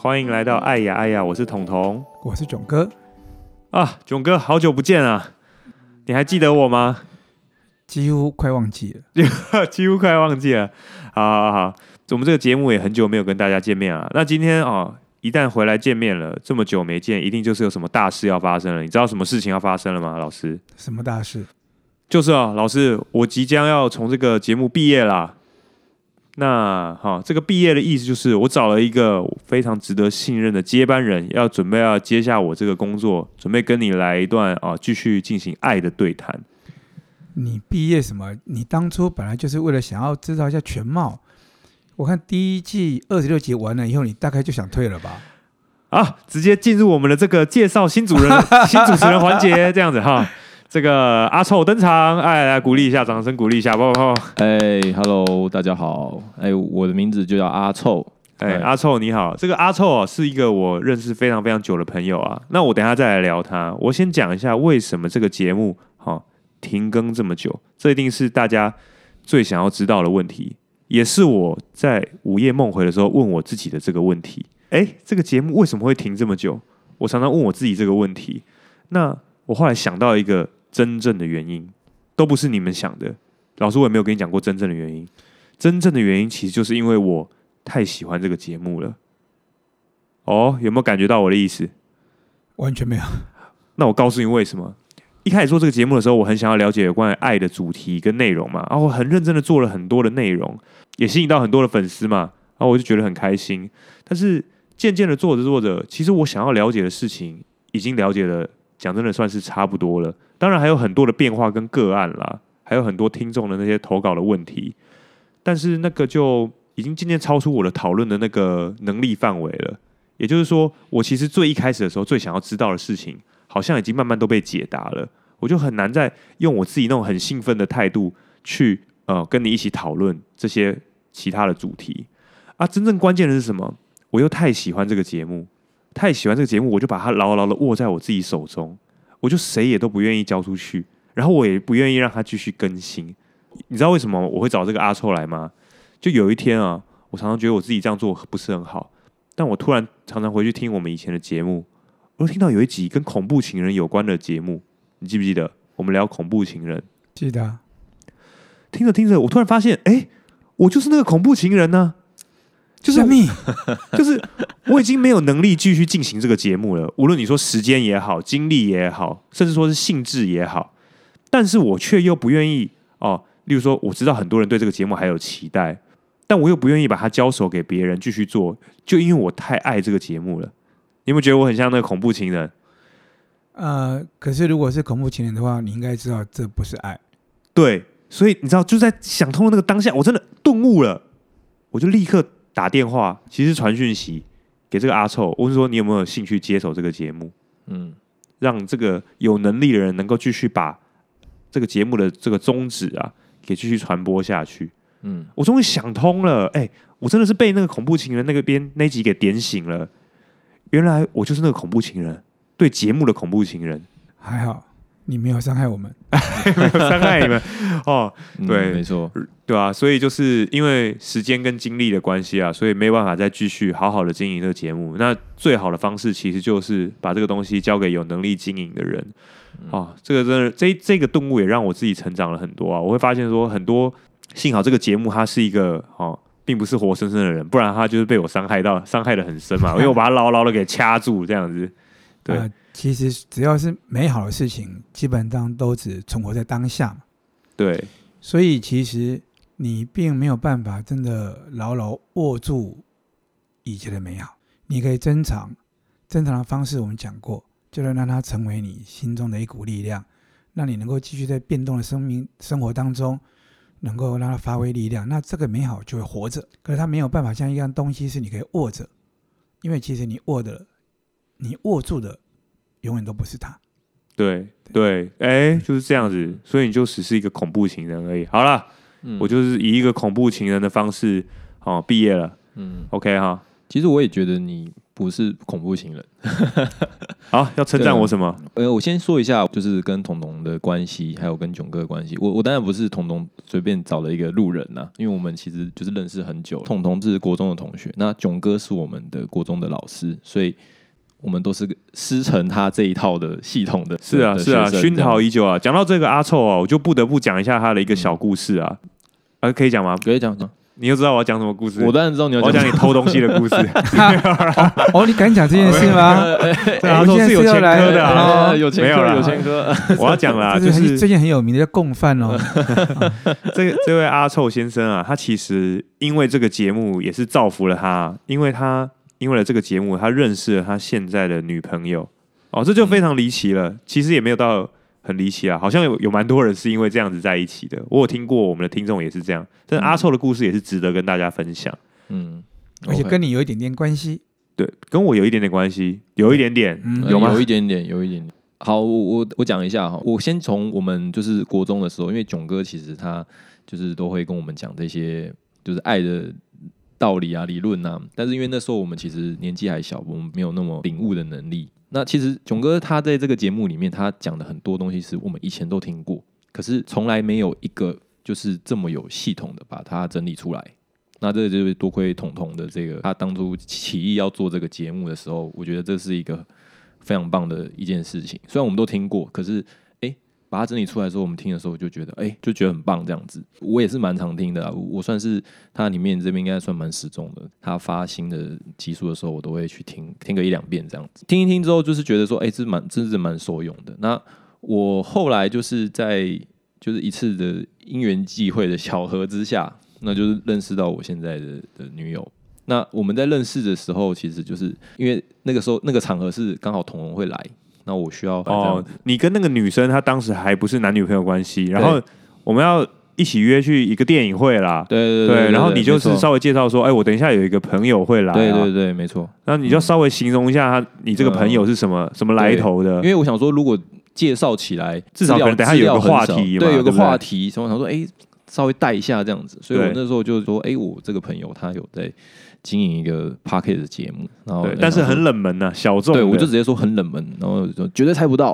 歡迎來到愛呀愛呀！我是同同，我是囧哥啊！囧哥，好久不見啊！你還記得我嗎？幾乎快忘記了，幾，幾乎快忘記了。好，好好好，我們這個節目也很久沒有跟大家見面了。那今天啊、哦，一旦回來見面了，這麼久沒見，一定就是有什麼大事要發生了。你知道什麼事情要發生了嗎？老師？什麼大事？就是啊，老師，我即將要從這個節目畢業啦、啊。那好，哦，這個畢業的意思就是，我找了一個非常值得信任的接班人，要準備要接下我這個工作，準備跟你來一段啊，哦，繼續進行愛的對談。你畢業什麼？你當初本來就是為了想要知道一下全貌。我看第一季二十六集完了以後，你大概就想退了吧？啊，直接進入我們的這個介紹新主人、 新主持人環節， 這樣子哈。哦這個阿湊登場，哎，來鼓勵一下，掌聲鼓勵一下，不不 哎哈嘍，Hello, 大家好，哎，我的名字就叫阿湊，哎,哎，阿湊你好，這個阿湊是一個我認識非常非常久的朋友啊，那我等下再來聊他，我先講一下為什麼這個節目哈、哦、停更這麼久，這一定是大家最想要知道的問題，也是我在午夜夢回的時候問我自己的這個問題，哎，這個節目為什麼會停這麼久？我常常問我自己這個問題，那我後來想到一個。真正的原因都不是你們想的，老師，我也沒有跟你講過真正的原因。真正的原因其實就是因為我太喜歡這個節目了。哦，有沒有感覺到我的意思？完全沒有。那我告訴你為什麼。一開始做這個節目的時候，我很想要了解有關於愛的主題跟內容嘛。然後我很認真的做了很多的內容，也吸引到很多的粉絲嘛。然後我就覺得很開心。但是漸漸的做着做着，其實我想要了解的事情已經了解了，講真的算是差不多了。當然還有很多的變化跟個案啦，還有很多聽眾的那些投稿的問題，但是那個就已經漸漸超出我的討論的那個能力範圍了。也就是說，我其實最一開始的時候最想要知道的事情，好像已經慢慢都被解答了。我就很難再用我自己那種很興奮的態度去呃跟你一起討論這些其他的主題啊。真正關鍵的是什麼？我又太喜歡這個節目，太喜歡這個節目，我就把它牢牢的握在我自己手中。我就誰也都不願意交出去，然後我也不願意讓他繼續更新。你知道為什麼我會找這個阿湊來嗎？就有一天啊，我常常覺得我自己這樣做不是很好，但我突然常常回去聽我們以前的節目，我就聽到有一集跟恐怖情人有關的節目，你記不記得？我們聊恐怖情人，記得。聽着聽着，我突然發現，哎，我就是那個恐怖情人呢、啊。就是麼就是我已經沒有能力繼續進行這個節目了。無論你說時間也好，精力也好，甚至說是興致也好，但是我卻又不願意哦。例如說，我知道很多人對這個節目還有期待，但我又不願意把它交手給別人繼續做，就因為我太愛這個節目了。你有沒有覺得我很像那個恐怖情人？呃，可是如果是恐怖情人的話，你應該知道這不是愛。對，所以你知道，就在想通通那個當下，我真的頓悟了，我就立刻。打電話，其實傳訊息給這個阿湊，我是說你有沒有興趣接手這個節目？嗯，讓這個有能力的人能夠繼續把這個節目的這個宗旨啊，給繼續傳播下去。嗯，我終於想通了，哎、欸，我真的是被那個恐怖情人那個邊那集給點醒了，原來我就是那個恐怖情人，對節目的恐怖情人，還好。你沒有傷害我們。 沒有傷害你們 哦，對，沒錯，對啊，所以就是因為時間跟精力的關係啊，所以沒有辦法再繼續好好的經營這個節目。那最好的方式其實就是把這個東西交給有能力經營的人哦，這個真的，這這個動物也讓我自己成長了很多啊。我會發現說，很多幸好這個節目它是一個哦，並不是活生生的人，不然他就是被我傷害到，傷害得很深嘛。因為我把它牢牢的給掐住，這樣子，對。呃其實只要是美好的事情，基本上都只存活在當下嘛。對，所以其實你並沒有辦法真的牢牢握住以前的美好。你可以珍藏，珍藏的方式我們講過，就是讓它成為你心中的一股力量，讓你能夠繼續在變動的生命生活當中，能夠讓它發揮力量。那這個美好就會活着，可是它沒有辦法像一樣東西是你可以握着，因為其實你握的，你握住的。永遠都不是他，對對，哎對、欸，就是這樣子，所以你就只是一個恐怖情人而已。好啦，嗯、我就是以一個恐怖情人的方式，哦，畢業了。嗯，OK 哈。其實我也覺得你不是恐怖情人。好、 啊，要稱讚我什麼、呃？我先說一下，就是跟同同的關係，還有跟囧哥的關係。我我當然不是同同隨便找了一個路人吶、啊，因為我們其實就是認識很久。同同是國中的同學，那囧哥是我們的國中的老師，所以。我們都是師承他這一套的系統的，是啊是啊，熏陶已久啊。講到這個阿湊啊，我就不得不講一下他的一個小故事啊，啊，可以講嗎？可以講嗎？你又知道我要講什麼故事？我當然知道你要講你偷東西的故事。哦，你敢講這件事嗎？阿湊是有前科的啊，有前科有前科。我要講啦。就是最近很有名的叫共犯哦。這這位阿湊先生啊，他其實因為這個節目也是造福了他，因為他。因為了這個節目，他認識了他現在的女朋友哦，這就非常離奇了。嗯、其實也沒有到很離奇啊，好像有有蠻多人是因為這樣子在一起的。我有聽過我們的聽眾也是這樣，但阿湊的故事也是值得跟大家分享。嗯，而且跟你有一點點關係，Okay 對，跟我有一點點關係，有一點點，嗯、有嗎？有一點點，有一點點。好，我我我講一下哈，我先從我們就是國中的時候，因為囧哥其實他就是都會跟我們講這些，就是愛的。道理啊，理論啊。但是因為那時候我們其實年紀還小，我們沒有那麼領悟的能力。那其實囧哥他在這個節目裡面，他講的很多東西是我們以前都聽過，可是從來沒有一個就是這麼有系統的把它整理出來。那這就是多虧彤彤的這個，他當初起意要做這個節目的時候，我覺得這是一個非常棒的一件事情。雖然我們都聽過，可是。把它整理出來之後，我們聽的時候，我就覺得，哎、欸，就覺得很棒這樣子。我也是蠻常聽的，啊我，我算是他裡面這邊應該算蠻死忠的。他發新的集數的時候，我都會去聽聽個一兩遍這樣子。聽一聽之後，就是覺得說，哎、欸，這蠻，真是蠻受用的。那我後來就是在就是一次的因緣際會的巧合之下，那就是認識到我現在的的女友。那我們在認識的時候，其實就是因為那個時候那個場合是剛好同同會來。那我需要哦，你跟那個女生她當時還不是男女朋友關係，然後我們要一起約去一個電影會啦，對對對，對，對，對，然後你就是稍微介紹說，哎錯、欸，我等一下有一個朋友會來，對，對對對，沒錯，那你就要稍微形容一下他，你這個朋友是什麼、嗯、什麼來頭的？因為我想說，如果介紹起來，至少可能等下有個話題嘛，有個話題，對，對，有個話題，什麼？想說，哎、欸。稍微帶一下這樣子，所以我那時候就說：“哎對、欸，我這個朋友他有在經營一個 Podcast 的節目，然後對但是很冷門吶、啊，小眾。對”對我就直接說很冷門，然後就絕對猜不到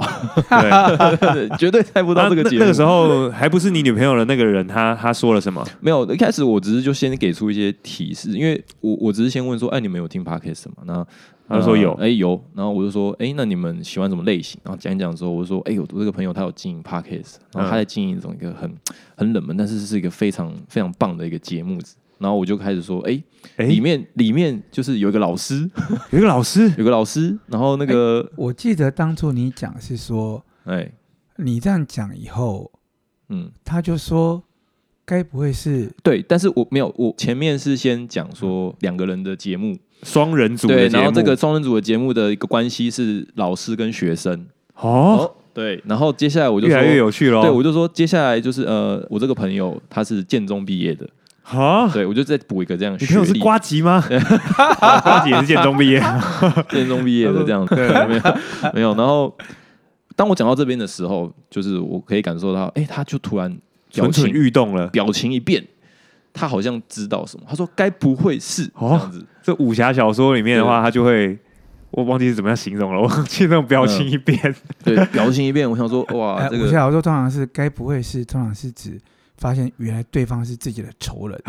對 對對對，絕對猜不到這個節、啊、那，那個時候還不是你女朋友的那個人，他他說了什麼？沒有，一開始我只是就先給出一些提示，因為我我只是先問說：“哎、欸，你們有聽 Podcast 什麼？”那他說有、呃，哎、欸、有，然後我就說，哎、欸、那你們喜歡什麼類型？然後講一講。之後我就說，哎、欸、我這個朋友他有經營 Podcast 然後他在經營一種一個很很冷門，但是是一個非常非常棒的一個節目。然後我就開始說，哎、欸、哎裡面、欸、裡面就是有一個老師， 有一個老師，有個老師。然後那個、欸、我記得當初你講是說，哎、欸、你這樣講以後，嗯，他就說該不會是⋯⋯對，但是我沒有我前面是先講說兩個人的節目。雙人組的節目，對，然後這個雙人組的節目的一個關係是老師跟學生哦，對，然後接下來我就越來越有趣了，對，我就說接下來就是呃，我這個朋友他是建中畢業的啊，對，我就再補一個這樣，你朋友是呱吉嗎？呱吉也是建中畢業，建中畢業的這樣，對，沒有，沒有。然後當我講到這邊的時候，就是我可以感受到，哎，他就突然蠢蠢欲動了，表情一變。他好像知道什麼，他說：“該不會是這樣子，哦，這武俠小說裡面的話，他就會……我忘記是怎麼樣形容了，我記那種表情一變，對，表情一變。我想說，哇，武俠小說通常是該不會是通常是指發現原來對方是自己的仇人，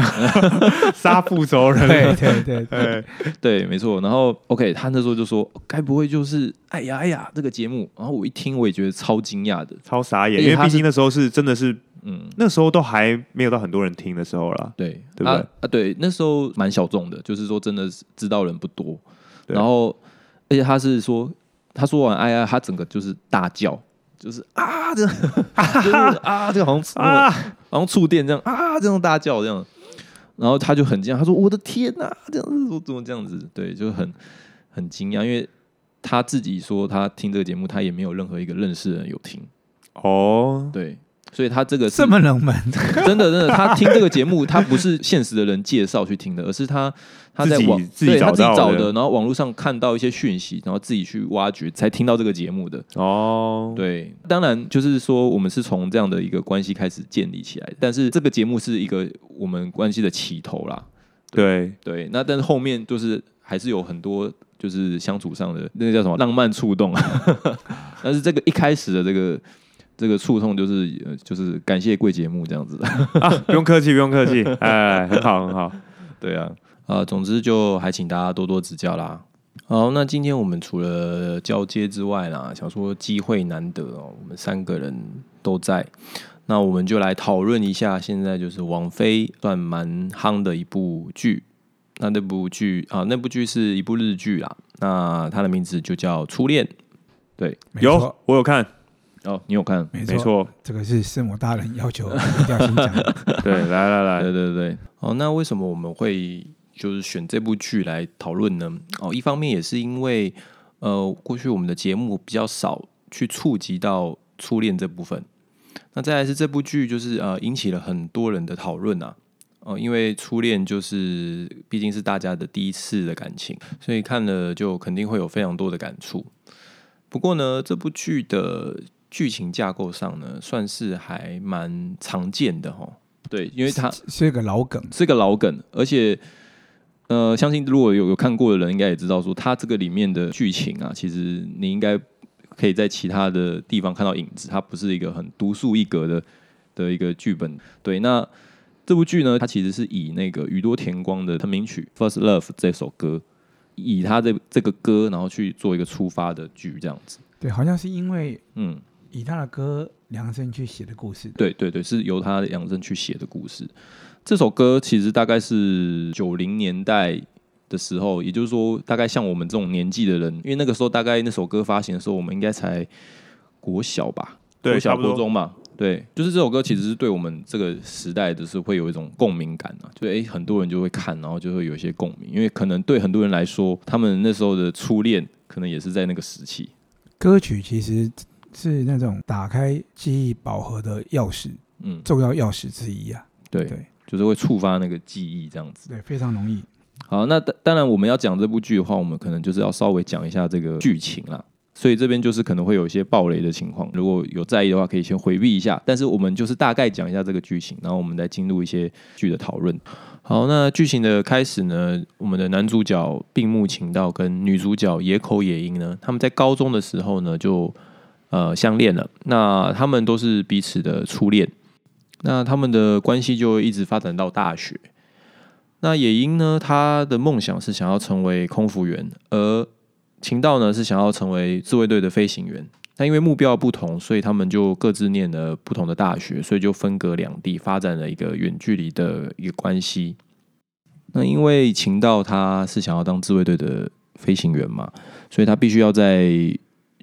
殺父仇人，對對對，對，沒錯。然後，OK，他那時候就說：‘該不會就是……哎呀哎呀，這個節目。’然後我一聽，我也覺得超驚訝的，超傻眼，因為畢竟那時候是真的是。”嗯，那時候都還沒有到很多人聽的時候了，對對不對？啊，啊對，那時候蠻小眾的，就是說真的知道人不多。對然後，而且他是說，他說完“哎呀”，他整個就是大叫，就是啊這 是啊啊這個好像，啊， 然後觸電這樣 啊這樣大叫這樣，然後他就很驚訝，他說：“我的天吶、啊，這樣子怎麼這樣子？”對，就很很驚訝，因為他自己說他聽這個節目，他也沒有任何一個認識的人有聽。哦，oh. 對。所以他這個這麼冷門，真的真的，他聽這個節目，他不是現實的人介紹去聽的，而是他他在網自己自己找的，然後網絡上看到一些訊息，然後自己去挖掘，才聽到這個節目的哦。對，當然就是說我們是從這樣的一個關係開始建立起來，但是這個節目是一個我們關係的起頭啦。對對，那但是後面就是還是有很多就是相處上的，那個叫什麼浪漫觸動啊。但是這個一開始的這個。這個觸痛就是，就是感謝貴節目這樣子的啊， 不用客氣，不用客氣，哎， 很好，很好，好，對啊，啊，總之就還請大家多多指教啦。好，那今天我們除了交接之外啦，想說機會難得喔，我們三個人都在，那我們就來討論一下，現在就是網飛算蠻夯的一部劇，那那部劇啊，那部劇是一部日劇啦，那它的名字就叫《初戀》，對，話有，我有看。哦，你有看？沒錯，沒錯，這個是聖母大人要求 一定要先講。 對，來來來，來對對對。哦，那為什麼我們會就是選這部劇來討論呢？哦，一方面也是因為，呃，過去我們的節目比較少去觸及到初戀這部分。那再來是這部劇，就是呃，引起了很多人的討論啊。哦，因為初戀就是畢竟是大家的第一次的感情，所以看了就肯定會有非常多的感觸。不過呢，這部劇的。劇情架構上呢，算是還蠻常見的哦。對，因為它是，是一個老梗，是一個老梗，而且呃，相信如果有有看過的人，應該也知道說，它這個裡面的劇情啊，其實你應該可以在其他的地方看到影子，它不是一個很獨樹一格的的一個劇本。對，那這部劇呢，它其實是以那個宇多田光的成名曲《First Love》這首歌，以它的這個歌，然後去做一個出發的劇，這樣子。對，好像是因為嗯。以他的歌量身去寫的故事的對，對對對，是由他量身去寫的故事。這首歌其實大概是九零年代的時候，也就是說，大概像我們這種年紀的人，因為那個時候大概那首歌發行的時候，我們應該才國小吧，對，國小、差不多國中嘛。對，就是這首歌其實是對我們這個時代，就是會有一種共鳴感呢、啊。就哎，很多人就會看，然後就會有一些共鳴，因為可能對很多人來說，他們那時候的初戀可能也是在那個時期。歌曲其實。是那種打開記憶寶盒的鑰匙，嗯，重要鑰匙之一啊。對，對，就是會觸發那個記憶，這樣子。對，非常容易。好，那當然我們要講這部劇的話，我們可能就是要稍微講一下這個劇情啦。所以這邊就是可能會有一些暴雷的情況，如果有在意的話，可以先迴避一下。但是我們就是大概講一下這個劇情，然後我們再進入一些劇的討論。好，嗯、那劇情的開始呢，我們的男主角並木晴道跟女主角野口也英呢，他們在高中的時候呢就。呃，相戀了。那他們都是彼此的初戀，那他們的關係就一直發展到大學。那也英呢，他的夢想是想要成為空服員，而晴道呢是想要成為自衛隊的飛行員。那因為目標不同，所以他們就各自念了不同的大學，所以就分隔兩地，發展了一個遠距離的一個關係。那因為晴道他是想要當自衛隊的飛行員嘛，所以他必須要在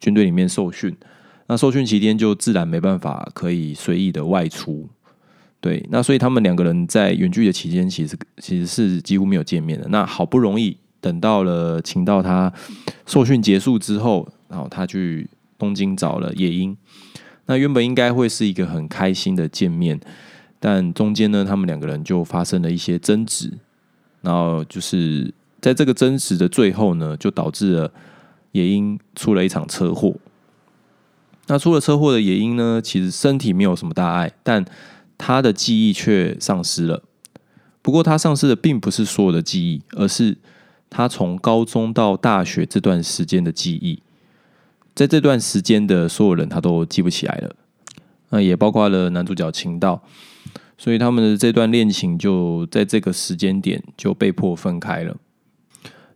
軍隊裡面受訓。那受訓期間就自然沒辦法可以隨意的外出，對，那所以他們兩個人在遠距的期間，其實其實是幾乎沒有見面的。那好不容易等到了晴道他受訓結束之後，然後他去東京找了也英。那原本應該會是一個很開心的見面，但中間呢，他們兩個人就發生了一些爭執，然後就是在這個爭執的最後呢，就導致了也英出了一場車禍。那出了車禍的也英呢，其實身體沒有什麼大礙，但他的記憶卻喪失了。不過，他喪失的並不是所有的記憶，而是他從高中到大學這段時間的記憶。在這段時間的所有人，他都記不起來了。那、呃、也包括了男主角晴道，所以他們的這段戀情就在這個時間點就被迫分開了。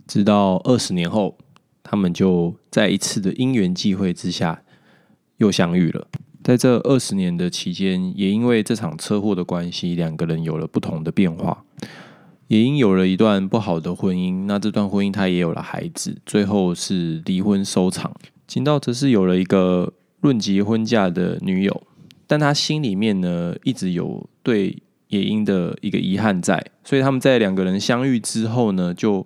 直到二十年後，他們就在一次的因緣際會之下，又相遇了，在這二十年的期間，也因為這場車禍的關係，兩個人有了不同的變化。也英有了一段不好的婚姻，那這段婚姻他也有了孩子，最後是離婚收場。晴道則是有了一個論及婚嫁的女友，但他心裡面呢一直有對也英的一個遺憾在，所以他們在兩個人相遇之後呢，就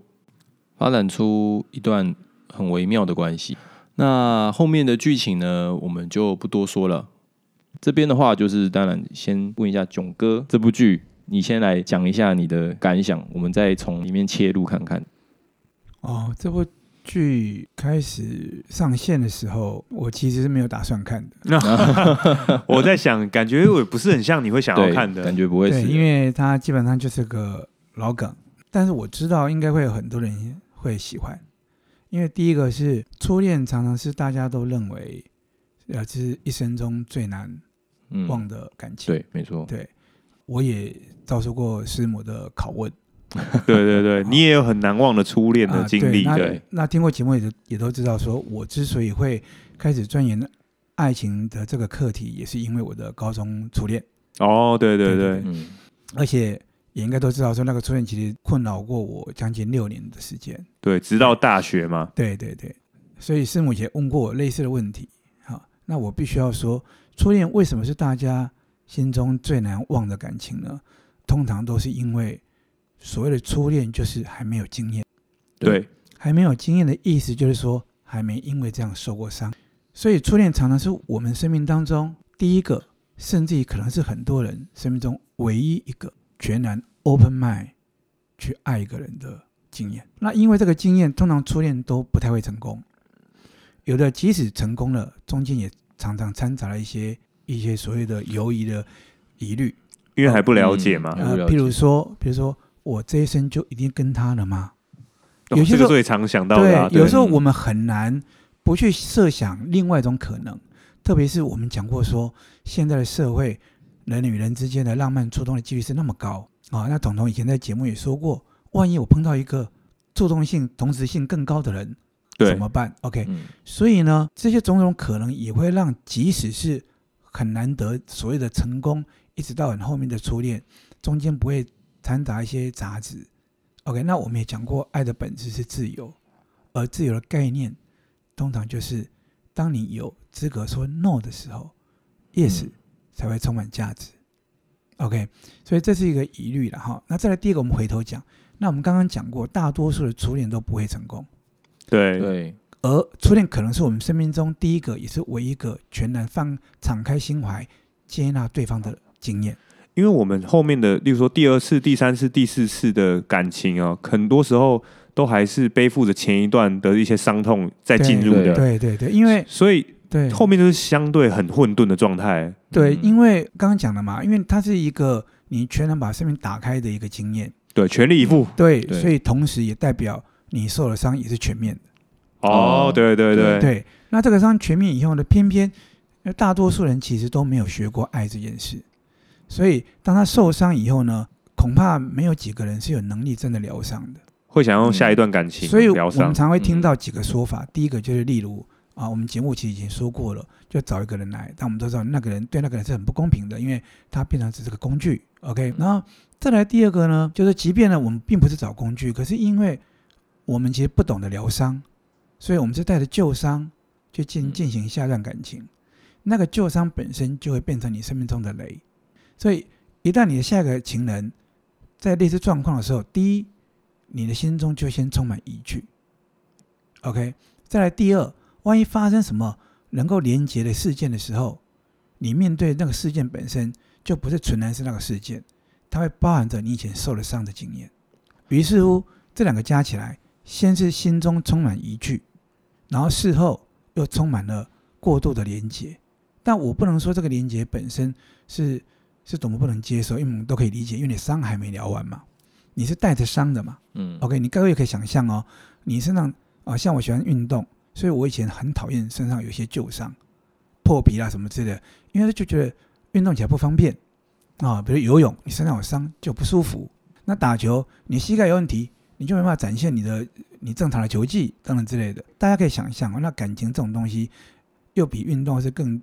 發展出一段很微妙的關係。那後面的劇情呢，我們就不多說了。這邊的話，就是當然先問一下囧哥，這部劇你先來講一下你的感想，我們再從裡面切入看看。哦，這部劇開始上線的時候，我其實是沒有打算看的。 我在想，感覺我也不是很像你會想要看的 感覺，不會是對？因為它基本上就是個老梗，但是我知道應該會有很多人會喜歡。因為第一個是初戀，常常是大家都認為，呃，是一生中最難忘的感情。嗯、對，沒錯。對，我也遭受過師母的拷問、嗯。對對對， 哦、你也有很難忘的初戀的經歷。嗯啊、對，對。那，那聽過節目也也都知道，說我之所以會開始鑽研愛情的這個課題，也是因為我的高中初戀。哦，對對對，而且。也應該都知道，說那個初戀其實困擾過我將近六年的時間。對，直到大學嘛。對對對，所以師母也問過我類似的問題。好，那我必須要說，初戀為什麼是大家心中最難忘的感情呢？通常都是因為所謂的初戀，就是還沒有經驗。對，對，還沒有經驗的意思就是說，還沒因為這樣受過傷。所以初戀常常是我們生命當中第一個，甚至於可能是很多人生命中唯一一個。全然 open mind 去愛一個人的經驗，那因為這個經驗，通常初戀都不太會成功，有的即使成功了，中間也常常摻雜了一些一些所謂的猶疑的疑慮，因為還不了解嘛。呃，嗯、呃，譬如說，比如說我這一生就一定跟他了嗎？哦、有些時候也、哦這個、常想到、啊、對，有時候我們很難不去設想另外一種可能，嗯、特別是我們講過說現在的社會。人與人之間的浪漫觸動的幾率是那麼高啊、哦！那同同以前在節目也說過，萬一我碰到一個觸動性、同時性更高的人，對，怎麼辦？OK，嗯、所以呢，這些種種可能也會讓，即使是很難得所謂的成功，一直到很後面的初戀，中間不會摻雜一些雜質。OK，那我們也講過，愛的本質是自由，而自由的概念，通常就是當你有資格說 no 的時候、嗯、yes。才會充滿價值，OK，所以這是一個疑慮了哈。那再來第一個，我們回頭講。那我們剛剛講過，大多數的初戀都不會成功，對對。而初戀可能是我們生命中第一個，也是唯一一個全然放敞開心懷、接納對方的經驗。因為我們後面的，例如說第二次、第三次、第四次的感情啊，很多時候都還是背負着前一段的一些傷痛在進入的。對，對對對，因為所以。對，後面就是相對很混沌的狀態。對，嗯、因為剛剛講了嘛，因為它是一個你全然把生命打開的一個經驗。對，對全力以赴。對，對所以同時也代表你受了傷也是全面的。哦，對對對，對。對，那這個傷全面以後呢，偏偏因為大多數人其實都沒有學過愛這件事，所以當他受傷以後呢，恐怕沒有幾個人是有能力真的療傷的。會想用下一段感情，嗯、療傷，所以我們常會聽到幾個說法。嗯嗯第一個就是例如。啊，我們節目其實已經說過了，就找一個人來，但我們都知道那個人對那個人是很不公平的，因為他變成只是個工具。OK，然後再來第二個呢，就是即便呢我們並不是找工具，可是因為我們其實不懂得療傷，所以我們是帶着舊傷去進進行下一段感情，那個舊傷本身就會變成你生命中的雷，所以一旦你的下一個情人在類似狀況的時候，第一，你的心中就先充滿疑懼。OK，再來第二。萬一發生什麼能夠連接的事件的時候，你面對那個事件本身就不是純然是那個事件，它會包含着你以前受了傷的經驗。於是乎，這兩個加起來，先是心中充滿疑懼，然後事後又充滿了過度的連接。但我不能說這個連接本身是是怎麼不能接受，因為我們都可以理解，因為你傷還沒療完嘛，你是帶着傷的嘛。嗯，OK，你各位也可以想象哦，你身上啊，像我喜歡運動。所以，我以前很討厭身上有些舊傷、破皮啊什麼之類的，因為他就覺得運動起來不方便啊、哦。比如游泳，你身上有傷就不舒服；那打球，你膝蓋有問題，你就沒辦法展現你的你正常的球技等等之類的。大家可以想一想、哦，那感情這種東西，又比運動是更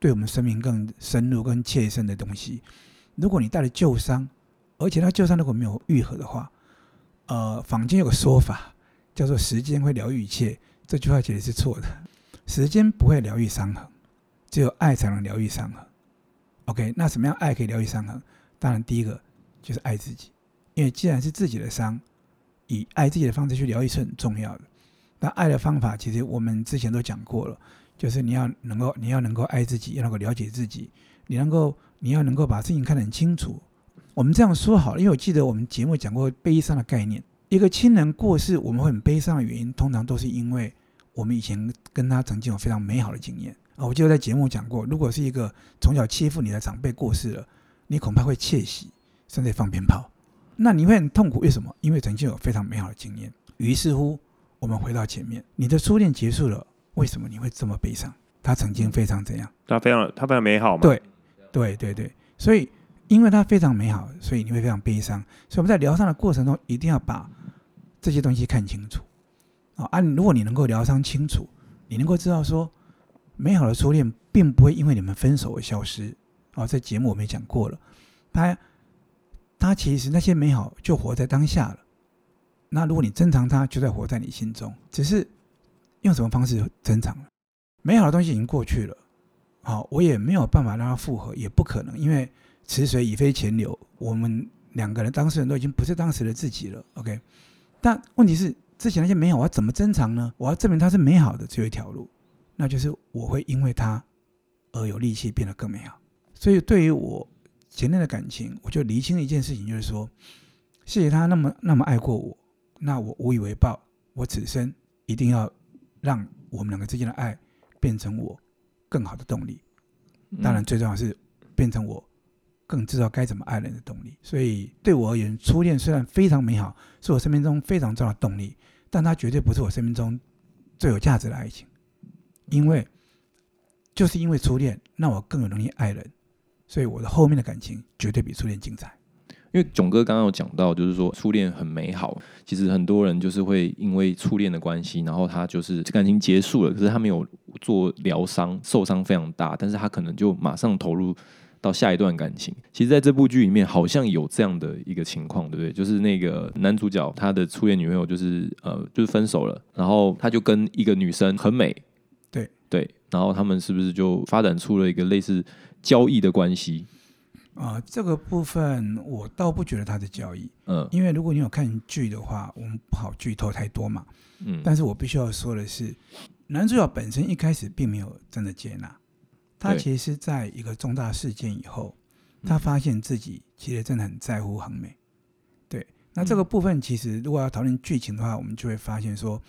對我們生命更深入、更切身的東西。如果你帶了舊傷，而且他舊傷如果沒有愈合的話，呃，坊間有個說法叫做“時間會療癒一切”。這句話其實是錯的，時間不會療癒傷痕，只有愛才能療癒傷痕。OK，那什麼樣愛可以療癒傷痕？當然，第一個就是愛自己，因為既然是自己的傷，以愛自己的方式去療癒是很重要的。那愛的方法，其實我們之前都講過了，就是你要能夠，你要能夠愛自己，要能夠了解自己，你能夠，你要能夠把事情看得很清楚。我們這樣說好了，因為我記得我們節目講過悲傷的概念，一個親人過世，我們會很悲傷的原因，通常都是因為。我們以前跟他曾經有非常美好的經驗啊，我記得在節目講過，如果是一個從小欺負你的長輩過世了，你恐怕會竊喜，甚至放鞭炮，那你會很痛苦。為什麼？因為曾經有非常美好的經驗。於是乎，我們回到前面，你的初戀結束了，為什麼你會這麼悲傷？他曾經非常怎樣？他非常，他非常美好嗎？對，對對對。所以，因為他非常美好，所以你會非常悲傷。所以我們在療傷的過程中，一定要把這些東西看清楚。啊，按，如果你能夠療傷清楚，你能夠知道說，美好的初戀並不會因為你們分手而消失。哦，這節目我們也講過了，他他其實那些美好就活在當下了。那如果你珍藏它，就在活在你心中。只是用什麼方式珍藏？美好的東西已經過去了。好，我也沒有辦法讓它複合，也不可能，因為此水已非前流。我們兩個人當事人都已經不是當時的自己了。OK，但問題是。之前那些美好，我要怎麼珍藏呢？我要證明它是美好的，只有一條路，那就是我會因為它而有力氣變得更美好。所以，對於我前面的感情，我就理清一件事情，就是說，謝謝他那麼那麼愛過我，那我無以為報。我此生一定要讓我們兩個之間的愛變成我更好的動力。嗯、當然，最重要是變成我更知道該怎麼愛人的動力。所以，對我而言，初戀雖然非常美好，是我生命中非常重要的動力。但它絕對不是我生命中最有價值的愛情，因為就是因為初戀讓我更容易愛人，所以我的後面的感情絕對比初戀精彩。因為囧哥剛剛有講到，就是說初戀很美好，其實很多人就是會因為初戀的關係，然後他就是感情結束了，可是他沒有做療傷，受傷非常大，但是他可能就馬上投入。到下一段感情，其實在這部劇裡面好像有這樣的一個情況，對不對？就是那個男主角他的初戀女朋友就是呃，就是分手了，然後他就跟一個女生恆美，對對，然後他們是不是就發展出了一個類似交易的關係？啊、呃，這個部分我倒不覺得他的交易，嗯，因為如果你有看劇的話，我們不好劇透太多嘛，嗯，但是我必須要說的是，男主角本身一開始並沒有真的接納。他其實是在一個重大事件以後，他發現自己其實真的很在乎恆美。對，那這個部分其實如果要討論劇情的話，我們就會發現說，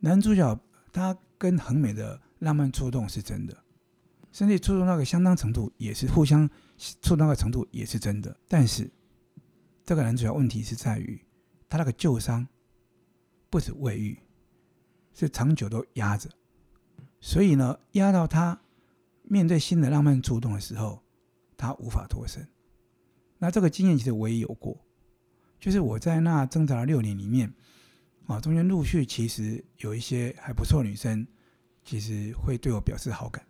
男主角他跟恆美的浪漫觸動是真的，甚至觸動到個相當程度也是互相觸動到個程度也是真的。但是這個男主角問題是在於他那個舊傷不止未癒，是長久都壓着，所以呢壓到他。面對新的浪漫觸動的時候，他無法脫身。那這個經驗其實我也有過，就是我在那掙扎了六年裡面，啊，中間陸續其實有一些還不錯的女生，其實會對我表示好感。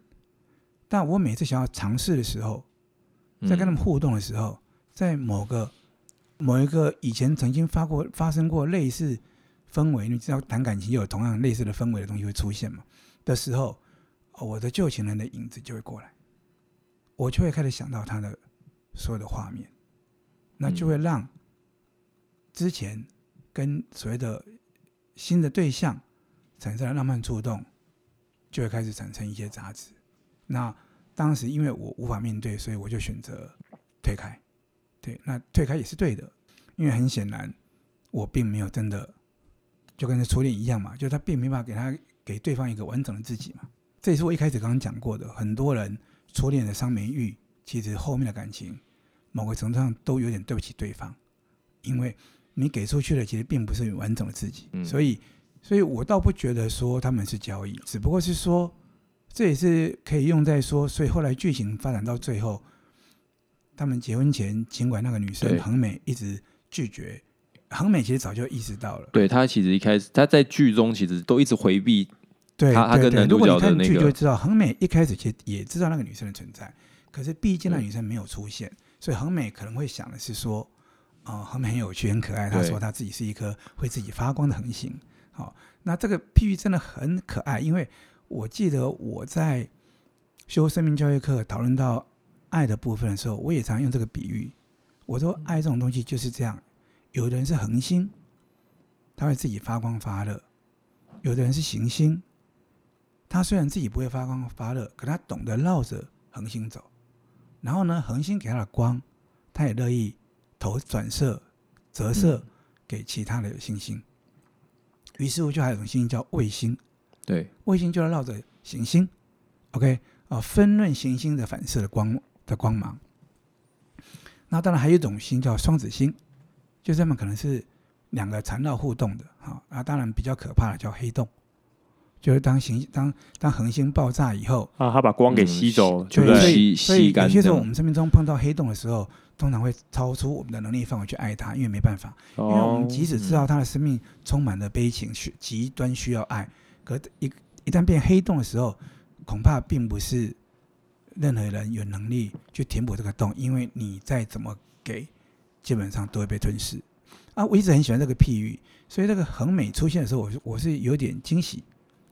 但我每次想要嘗試的時候，在跟他們互動的時候，嗯、在某個某一個以前曾經發過發生過類似氛圍，你知道談感情就有同樣類似的氛圍的東西會出現嘛，的時候。我的舊情人的影子就會過來，我就會開始想到他的所有的畫面，那就會讓之前跟所謂的新的對象產生了浪漫觸動，就會開始產生一些雜質。那當時因為我無法面對，所以我就選擇推開。對，那推開也是對的，因為很顯然我並沒有真的就跟那初戀一樣嘛，就是他並沒有辦法給他給對方一個完整的自己嘛。這也是我一開始剛剛講過的，很多人初戀的傷沒癒，其實後面的感情某個程度上都有點對不起對方，因為你給出去的其實並不是完整的自己。嗯，所以，所以我倒不覺得說他們是交易，只不過是說，這也是可以用在說，所以後來劇情發展到最後，他們結婚前，儘管那個女生恆美一直拒絕，恆對美其實早就意識到了。對，他其實一開始，他在劇中其實都一直回避。對，他他的那個對對，如果你看劇就會知道，恆美一開始其實也知道那個女生的存在，可是畢竟那女生沒有出現，嗯、所以恆美可能會想的是說，啊、呃，恆美很有趣、很可愛。她說她自己是一顆會自己發光的恆星。好對、哦，那這個比喻真的很可愛，因為我記得我在修生命教育課討論到愛的部分的時候，我也常用這個比喻。我說愛這種東西就是這樣，有的人是恆星，他會自己發光發熱；有的人是行星。它雖然自己不會發光發熱，可它懂得繞着恆星走，然後呢，恆星給它的光，它也樂意投、轉射、折射給其他的恆星、星。於、嗯、是乎，就還有一種星星叫衛星，對，衛星就是繞着行星，OK，啊，分潤行星的反射的光的光芒。那當然還有一種星叫雙子星，就這、是、麼可能是兩個纏繞互動的，好、啊，那當然比較可怕的叫黑洞。就是當行當當恆星爆炸以後啊，它把光給吸走了，嗯、就對，就對吸所以，有些時候我們生命中碰到黑洞的時候，通常會超出我們的能力範圍去愛它，因為沒辦法。哦、因為我們即使知道它的生命充滿了悲情，需極端需要愛，可一一旦變黑洞的時候，恐怕並不是任何人有能力去填補這個洞，因為你再怎麼給，基本上都會被吞噬。啊，我一直很喜歡這個譬喻，所以這個恆美出現的時候，我我是有點驚喜。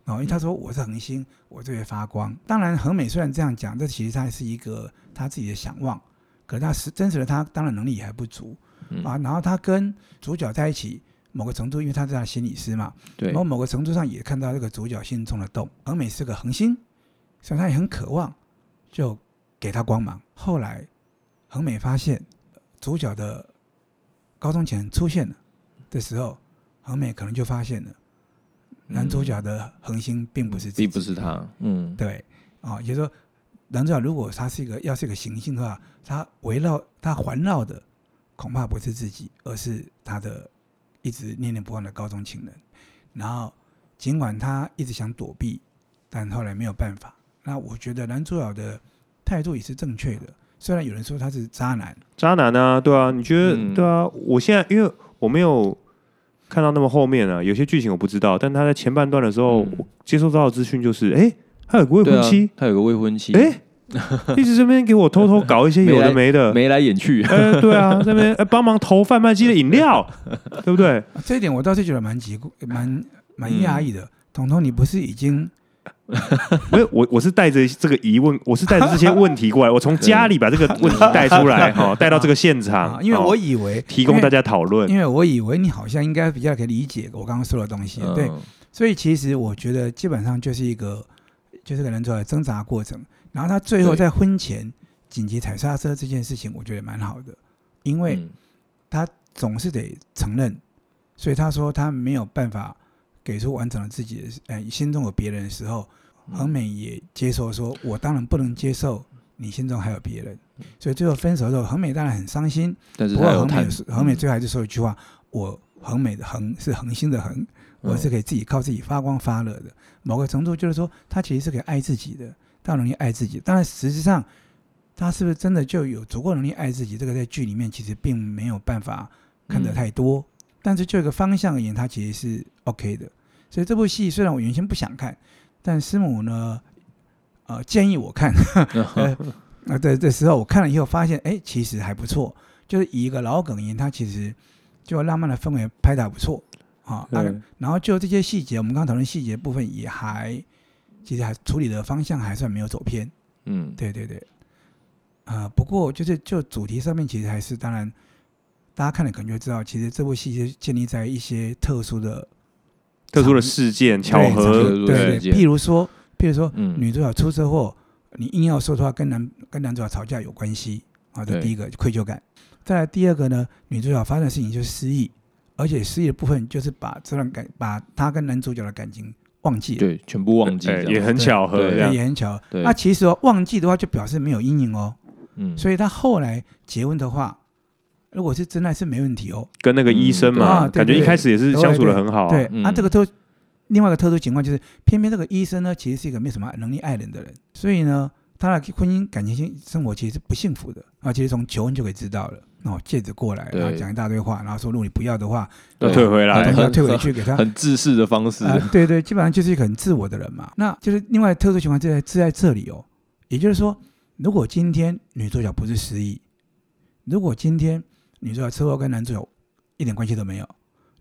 哦，因為他說我是恆星，我就會發光。當然，恆美雖然這樣講，這其實它是一個他自己的想望，可是他是真實的他，他當然能力也還不足。嗯，啊，然後他跟主角在一起，某個程度，因為他是他的心理師嘛，對然後某個程度上也看到這個主角心中的洞。恆美是個恆星，所以他也很渴望，就給他光芒。後來，恆美發現主角的高中前出現了的時候，恆美可能就發現了。男主角的恆星並不是自己，嗯、不是他，嗯，對，啊、哦，也就是說男主角如果他是一個要是一個行星的話，他圍繞他環繞的恐怕不是自己，而是他的一直念念不忘的高中情人。然後儘管他一直想躲避，但後來沒有辦法。那我覺得男主角的態度也是正確的，雖然有人說他是渣男，渣男啊，對啊，你覺得、嗯、對啊？我現在因為我沒有。看到那麼後面了，啊，有些劇情我不知道，但他在前半段的時候，嗯、我接受到的資訊就是，哎，欸，他有個未婚妻，啊，他有個未婚妻，哎，欸， 一直這邊給我偷偷搞一些有的沒的，眉來眼去， 欸，對啊，這邊幫忙投販賣機的飲料， 對不對，啊。這一點我倒是覺得蠻急，蠻蠻壓抑的。同同，嗯，同同你不是已經？不是 我，我是帶着這個疑問，我是帶着這些問題過來。我從家裡把這個問題帶出來，哈對、 哦，帶到這個現場。啊、因為我以為,、哦、因為提供大家討論因，因為我以為你好像應該比較可以理解我剛剛說的東西。嗯、對，所以其實我覺得基本上就是一個，就是個人做的掙扎過程。然後他最後在婚前緊急踩剎車這件事情，我覺得蠻好的，因為他總是得承認，所以他說他沒有辦法。給出完整了自己的，呃、哎，心中有別人的時候，恆美也接受說：“我當然不能接受你心中還有別人。”所以最後分手的時候，恆美當然很傷心。但是不過，恆美恆美最後還是說一句話：“我恆美的恆是恆心的恆，我是給自己靠自己發光發熱的。嗯、某個程度就是說，他其實是可以愛自己的，他有能力愛自己。當然，實際上他是不是真的就有足夠能力愛自己？這個在劇裡面其實並沒有辦法看得太多。嗯、但是就一個方向而言，他其實是 OK 的。”所以這部戲雖然我原先不想看，但師母呢，呃，建議我看。 uh huh. 啊，對這時候我看了以後發現，哎，其實還不錯。就是以一個老梗音，它其實就浪漫的氛圍拍的還不錯啊。那對、啊、然後就這些細節，我們剛剛討論細節部分也還，其實還處理的方向還算沒有走偏。嗯，對對對。啊、呃，不過就是就主題上面，其實還是當然，大家看了可能就知道，其實這部戲是建立在一些特殊的。特殊的事件巧合，對，譬如說，譬如說，女主角出車禍，你硬要說的話跟男跟男主角吵架有關係啊。這第一個愧疚感，再來第二個呢，女主角發生的事情就是失憶，而且失憶的部分就是把這段感把她跟男主角的感情忘記了，對，全部忘記了，也很巧合，對，也很巧合。那其實哦忘記的話就表示沒有陰影哦，嗯，所以她後來結婚的話。如果是真愛是沒問題哦，跟那個醫生嘛，嗯、感覺一開始也是相處得很好，啊對。對，對對對嗯、啊，這個特，另外一個特殊情況就是，偏偏這個醫生呢，其實是一個沒什麼能力愛人的人，所以呢，他的婚姻感情生活其實是不幸福的。啊，其實從求婚就可以知道了，哦，借着過來，對然後講一大堆話，然後說如果你不要的話，就退回來，然後退回去給他很，很自私的方式。嗯啊、對對，基本上就是一個很自我的人嘛。那就是另外特殊情況在置在這裡哦，也就是說，如果今天女主角不是失憶，如果今天。女主角車禍跟男主角一點關係都沒有。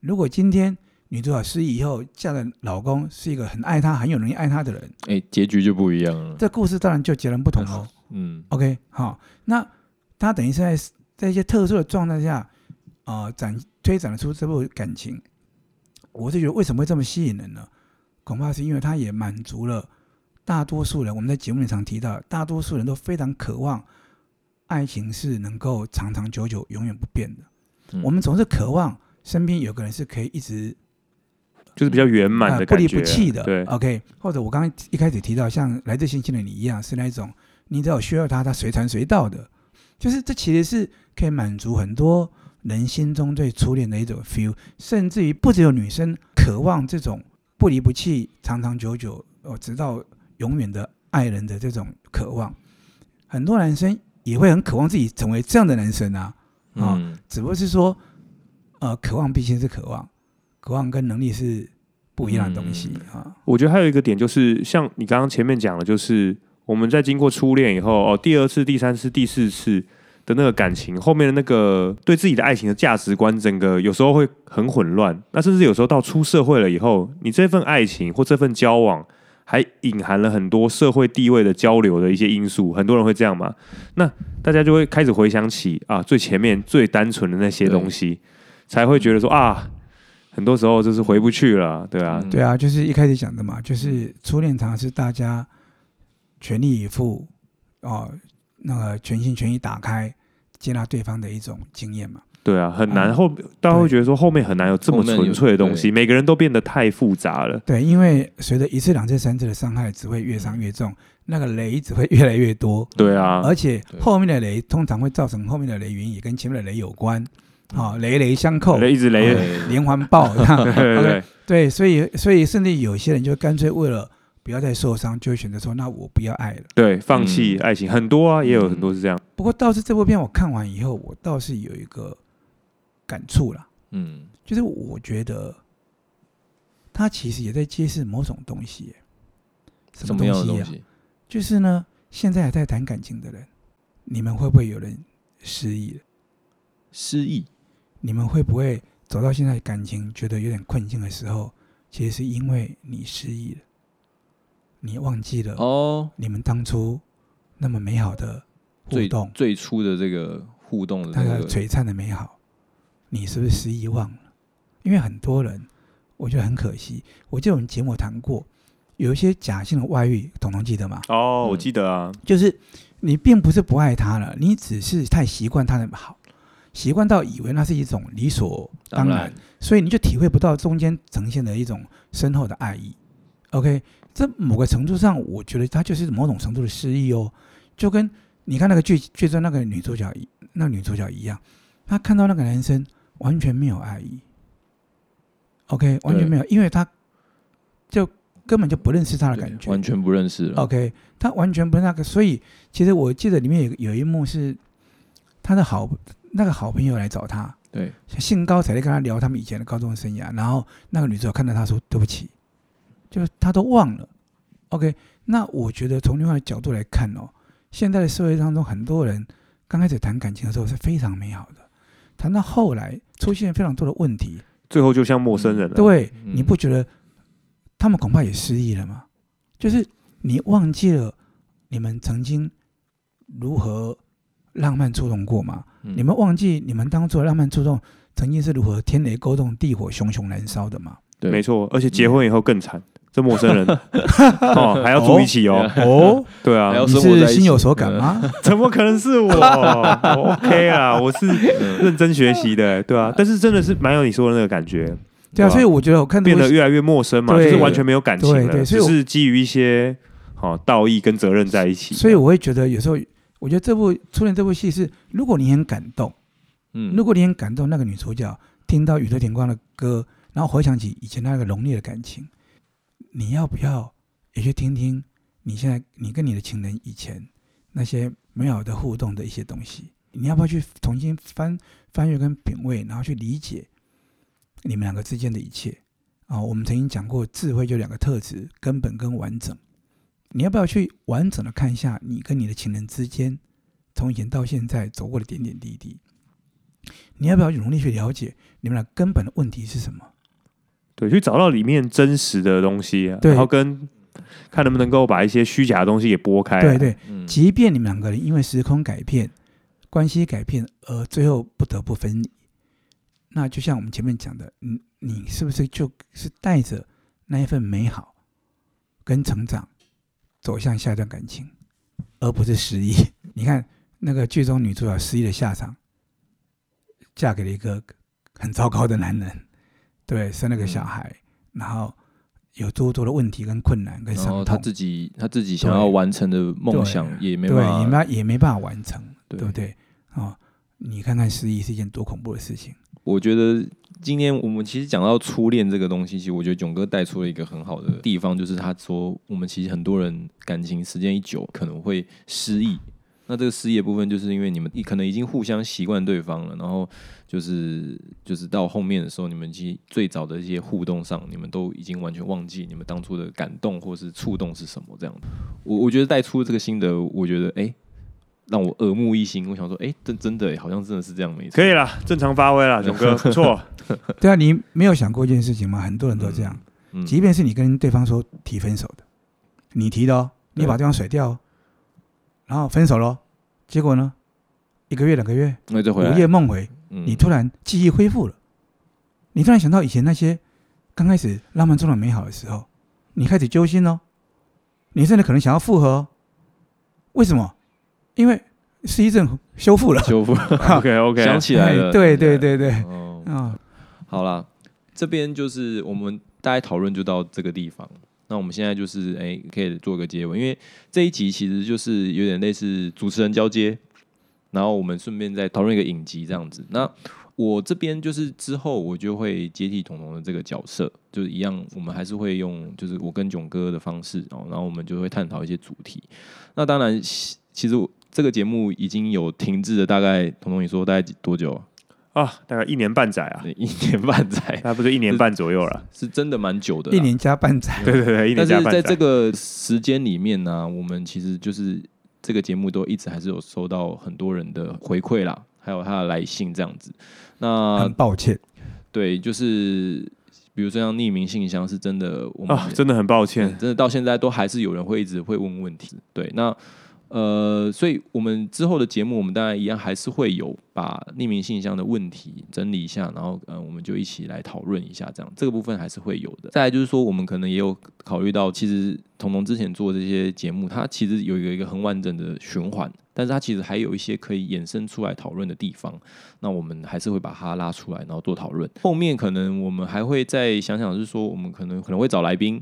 如果今天女主角失憶以後嫁的老公是一個很愛她、很有能力愛她的人，哎，結局就不一樣了。這故事當然就截然不同了。嗯。OK，好，那她等於是在在一些特殊的狀態下啊，呃，展，推展出這部感情，我是覺得為什麼會這麼吸引人呢？恐怕是因為她也滿足了大多數人。我們在節目裡常提到，大多數人都非常渴望。愛情是能夠長長久久、永遠不變的。嗯、我們總是渴望身邊有個人是可以一直，就是比較圓滿的，呃、的、不離不棄的。OK，或者我剛剛一開始提到，像來自星星的你一樣，是那一種你只要需要他，他隨傳隨到的。就是這其實是可以滿足很多人心中對初戀的一種 feel，甚至於不只有女生渴望這種不離不棄、長長久久、哦，直到永遠的愛人的這種渴望，很多男生。也會很渴望自己成為這樣的男生啊，啊、嗯，只不過是說，呃，渴望畢竟是渴望，渴望跟能力是不一樣的東西、嗯、啊。我覺得還有一個點就是，像你剛剛前面講的，就是我們在經過初戀以後，哦，第二次、第三次、第四次的那個感情後面的那個對自己的愛情的價值觀，整個有時候會很混亂。那甚至有時候到出社會了以後，你這份愛情或這份交往。還隱含了很多社會地位的交流的一些因素，很多人會這樣嘛？那大家就會開始回想起啊，最前面最單純的那些東西，對才會覺得說、嗯、啊，很多時候就是回不去了，對啊，對啊，就是一開始講的嘛，就是初戀，常是大家全力以赴哦，那個全心全意打開接納對方的一種經驗嘛。對啊，很難，後大家會覺得說後面很難有這麼純粹的東西，每個人都變得太複雜了。對，因為隨着一次、兩次、三次的傷害，只會越傷越重，那個雷只會越來越多。對啊，而且後面的雷通常會造成後面的雷雲也跟前面的雷有關，好，雷雷相扣，雷一直雷連環爆，對對對，所以所以甚至有些人就乾脆為了不要再受傷，就會選擇說那我不要愛了，對，放棄愛情，很多啊，也有很多是這樣。不過倒是這部片我看完以後，我倒是有一個。感觸啦，嗯，就是我覺得他其實也在揭示某種東西、欸，什麼東西啊？西就是呢，現在還在談感情的人，你們會不會有人失憶了？失憶，你們會不會走到現在感情覺得有點困境的時候，其實是因為你失憶了，你忘記了哦，你們當初那麼美好的互動，哦、最,最初的這個互動，那個璀璨的美好。你是不是失憶忘了？因為很多人，我覺得很可惜。我記得我們節目談過，有一些假性的外遇，同同記得嗎？哦，我記得啊、嗯。就是你並不是不愛他了，你只是太習慣他的好，習慣到以為那是一種理所當然，當然，所以你就體會不到中間呈現的一種深厚的愛意。OK，這某個程度上，我覺得他就是某種程度的失憶哦，就跟你看那個劇劇中那個女主角，那個、女主角一樣，她看到那個男生。完全沒有愛意，OK，完全沒有，對因為他就根本就不認識他的感覺，完全不認識。OK，他完全不是那個。所以其實我記得裡面有有一幕是他的好那個好朋友來找他，對，興高采烈跟他聊他們以前的高中生涯，然後那個女主角看到他說對不起，就他都忘了。OK，那我覺得從另外的角度來看哦，現在的社會當中，很多人剛開始談感情的時候是非常美好的。談到後來，出現非常多的問題，最後就像陌生人了。對，你不覺得他們恐怕也失憶了嗎？就是你忘記了你們曾經如何浪漫觸動過嗎？嗯、你們忘記你們當初的浪漫觸動曾經是如何天雷勾動地火熊熊燃燒的嗎？對沒錯，而且結婚以後更慘。嗯是陌生人哦，還要住一起哦？哦，對啊，你是心有所感嗎？怎麼可能是我？我，OK 啊，我是認真學習的，對啊。但是真的是蠻有你說的那個感覺，對啊。所以我覺得我看到變得越來越陌生嘛，就是完全沒有感情了，就是基於一些好道義跟責任在一起。所以我會覺得有時候，我覺得這部《初戀》這部戲是，如果你很感動，嗯，如果你很感動，那個女主角聽到宇多田光的歌，然後回想起以前那個濃烈的感情。你要不要也去聽聽你現在你跟你的情人以前那些美好的互動的一些東西？你要不要去重新翻翻閱跟品味，然後去理解你們兩個之間的一切？啊、哦，我們曾經講過，智慧就兩個特質：根本跟完整。你要不要去完整的看一下你跟你的情人之間從以前到現在走過的點點滴滴？你要不要努力去了解你們倆根本的問題是什麼？對，去找到裡面真實的東西、啊，對然後跟看能不能夠把一些虛假的東西也撥開。對對，嗯、即便你們兩個人因為時空改變、關係改變而最後不得不分離，那就像我們前面講的，你你是不是就是帶着那一份美好跟成長走向下一段感情，而不是失憶？ 你看那個劇中女主角失憶的下場，嫁給了一個很糟糕的男人。對，生了個小孩，嗯、然後有諸多,多的問題跟困難跟傷痛，他自己他自己想要完成的夢想也沒辦法，對對也沒對也沒辦法完成，對,對不對？啊、哦，你看看失憶是一件多恐怖的事情。我覺得今天我們其實講到初戀這個東西，其實我覺得炯哥帶出了一個很好的地方，就是他說我們其實很多人感情時間一久可能會失憶。那這個失憶部分，就是因為你們可能已經互相習慣對方了，然後就是就是到後面的時候，你們其實最早的一些互動上，你們都已經完全忘記你們當初的感動或是觸動是什麼？這樣，我我覺得帶出這個心得，我覺得哎、欸，讓我耳目一新。我想說，哎、欸，真真的，欸、好像真的是這樣沒錯。可以了，正常發揮啦，勇哥。 錯。對啊，你沒有想過一件事情嗎？很多人都這樣，嗯嗯、即便是你跟對方說提分手的，你提的哦，你把對方甩掉、哦。然後分手咯，結果呢，一個月兩個月，那就回來，午夜夢回，嗯、你突然記憶恢復了，你突然想到以前那些剛開始浪漫中的美好的時候，你開始揪心嘍，你甚至可能想要復合、哦，為什麼？因為是一陣修復了。修復。 OK OK 修。想起來了。對對對對。哦，嗯嗯、好了，這邊就是我們大家討論就到這個地方。那我們現在就是哎、欸，可以做個結尾，因為這一集其實就是有點類似主持人交接，然後我們順便再討論一個影集這樣子。那我這邊就是之後我就會接替同同的這個角色，就是一樣，我們還是會用就是我跟囧哥的方式，然後然後我們就會探討一些主題。那當然，其實我這個節目已經有停滯了，大概同同你說大概幾多久？啊、哦，大概一年半載啊，一年半載，那不是一年半左右了，是真的蠻久的，一年加半載，對對對，一年加半載。對對對，但是在這個時間裡面呢、啊，我們其實就是這個節目都一直還是有收到很多人的回饋啦，還有他的來信這樣子。那很抱歉，對，就是比如說像匿名信箱，是真的，我們、哦、真的很抱歉，真的到現在都還是有人會一直會問問題，對，那。呃，所以我們之後的節目，我們當然一樣還是會有把匿名信箱的問題整理一下，然後嗯、呃，我們就一起來討論一下，這樣這個部分還是會有的。再來就是說，我們可能也有考慮到，其實同同之前做這些節目，它其實有一個一個很完整的循環，但是它其實還有一些可以衍生出來討論的地方，那我們還是會把它拉出來，然後做討論。後面可能我們還會再想想，就是說我們可能可能會找來賓。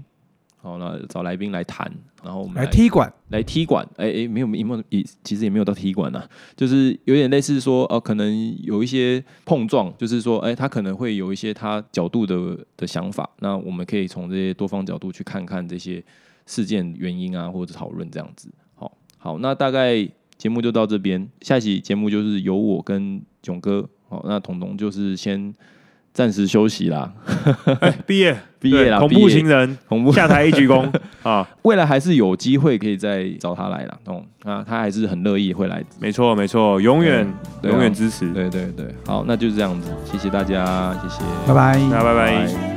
好，那找來賓來談，然後我們來踢館，來踢館，哎哎，沒、欸、有、欸，沒有，其實也沒有到踢館啊，就是有點類似說，哦、呃，可能有一些碰撞，就是說，哎、欸，他可能會有一些他角度的的想法，那我們可以從這些多方角度去看看這些事件原因啊，或者討論這樣子。好，好，那大概節目就到這邊，下一期節目就是由我跟囧哥，好，那同同就是先。暫時休息啦、欸，畢業畢業啦，恐怖情人恐怖下台一鞠躬 啊，未來還是有機會可以再找他來啦，懂、嗯、啊？他還是很樂意會來，沒錯沒錯，永遠、啊、永遠支持，對，對對對，好，那就是這樣子，謝謝大家，謝謝，拜拜，拜、啊、拜拜。拜拜。